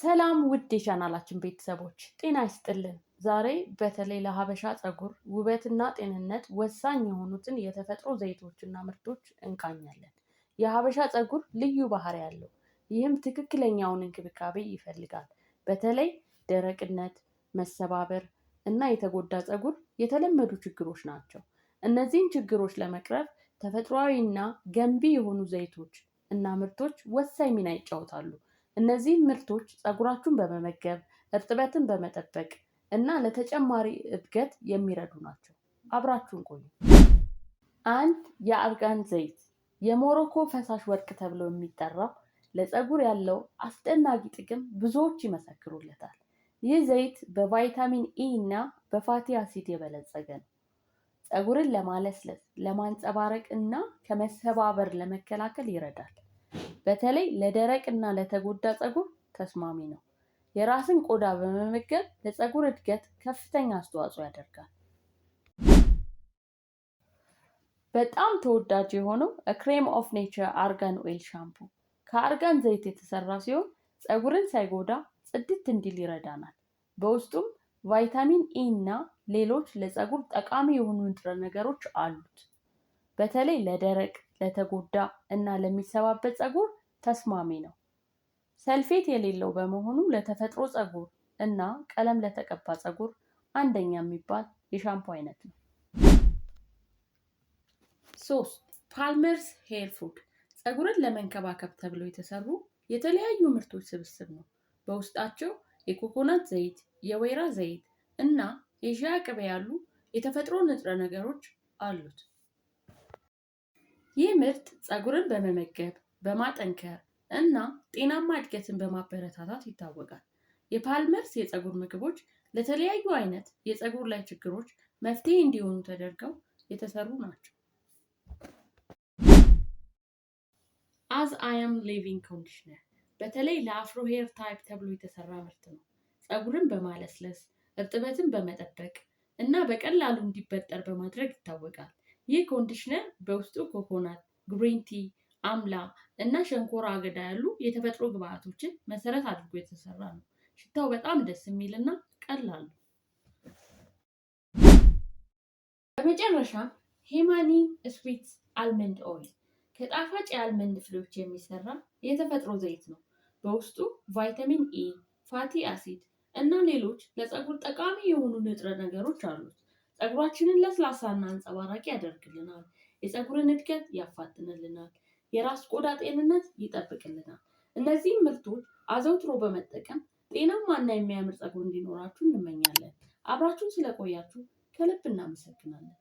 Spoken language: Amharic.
ሰላም ውድ የቻናላችን ቤተሰቦች ጤና ይስጥልን። ዛሬ በተለይ ለሀበሻ ፀጉር ውበትና ጤንነት ወሳኝ የሆኑትን የተፈጥሮ ዘይቶችና ምርቶች እንቃኛለን። የሀበሻ ፀጉር ልዩ ባህሪ ያለው ይህም ትክክለኛውን እንክብካቤ ይፈልጋል። በተለይ ደረቅነት፣ መሰባበር እና የተጎዳ ፀጉር የተለመዱ ችግሮች ናቸው። እነዚህን ችግሮች ለመቅረፍ ተፈጥሯዊ እና ገንቢ የሆኑ ዘይቶች እና ምርቶች ወሳኝ ሚና ይጫወታሉ። እነዚህ ምርቶች ፀጉራችሁን በመመገብ እርጥበትን በመጠበቅ እና ለተጨማሪ እድገት የሚረዱ ናቸው። አብራችሁን ቆዩ። አንድ የአርጋን ዘይት የሞሮኮ ፈሳሽ ወርቅ ተብሎ የሚጠራው ለፀጉር ያለው አስደናቂ ጥቅም ብዙዎች ይመሰክሩለታል። ይህ ዘይት በቫይታሚን ኢ e እና በፋቲ አሲድ የበለጸገ ነው። ፀጉርን ለማለስለስ፣ ለማንጸባረቅ እና ከመሰባበር ለመከላከል ይረዳል። በተለይ ለደረቅና ለተጎዳ ፀጉር ተስማሚ ነው። የራስን ቆዳ በመመገብ ለፀጉር እድገት ከፍተኛ አስተዋጽኦ ያደርጋል። በጣም ተወዳጅ የሆነው ክሬም ኦፍ ኔቸር አርጋን ኦይል ሻምፑ ከአርጋን ዘይት የተሰራ ሲሆን ፀጉርን ሳይጎዳ ጽድት እንዲል ይረዳናል። በውስጡም ቫይታሚን ኢ e እና ሌሎች ለፀጉር ጠቃሚ የሆኑ ንጥረ ነገሮች አሉት። በተለይ ለደረቅ፣ ለተጎዳ እና ለሚሰባበት ፀጉር ተስማሚ ነው። ሰልፌት የሌለው በመሆኑ ለተፈጥሮ ፀጉር እና ቀለም ለተቀባ ፀጉር አንደኛ የሚባል የሻምፖ አይነት ነው። ሶስት ፓልመርስ ሄር ፉድ ፀጉርን ለመንከባከብ ተብለው የተሰሩ የተለያዩ ምርቶች ስብስብ ነው። በውስጣቸው የኮኮናት ዘይት፣ የወይራ ዘይት እና የሺያ ቅቤ ያሉ የተፈጥሮ ንጥረ ነገሮች አሉት። ይህ ምርት ፀጉርን በመመገብ በማጠንከር እና ጤናማ እድገትን በማበረታታት ይታወቃል። የፓልመርስ የፀጉር ምግቦች ለተለያዩ አይነት የፀጉር ላይ ችግሮች መፍትሄ እንዲሆኑ ተደርገው የተሰሩ ናቸው። አዝ አያም ሊቪንግ ኮንዲሽነር በተለይ ለአፍሮ ሄር ታይፕ ተብሎ የተሰራ ምርት ነው። ፀጉርን በማለስለስ እርጥበትን በመጠበቅ እና በቀላሉ እንዲበጠር በማድረግ ይታወቃል። ይህ ኮንዲሽነር በውስጡ ኮኮናት፣ ግሪን ቲ፣ አምላ እና ሸንኮራ አገዳ ያሉ የተፈጥሮ ግብአቶችን መሰረት አድርጎ የተሰራ ነው። ሽታው በጣም ደስ የሚል እና ቀላል ነው። በመጨረሻ ሄማኒ ስዊት አልመንድ ኦይል ከጣፋጭ የአልመንድ ፍሬዎች የሚሰራ የተፈጥሮ ዘይት ነው። በውስጡ ቫይታሚን ኤ፣ ፋቲ አሲድ እና ሌሎች ለፀጉር ጠቃሚ የሆኑ ንጥረ ነገሮች አሉት። ፀጉራችንን ለስላሳና አንጸባራቂ ያደርግልናል። የፀጉርን እድገት ያፋጥንልናል። የራስ ቆዳ ጤንነት ይጠብቅልናል። እነዚህም ምርቶች አዘውትሮ በመጠቀም ጤናማና የሚያምር ፀጉር እንዲኖራችሁ እንመኛለን። አብራችሁን ስለቆያችሁ ከልብ እናመሰግናለን።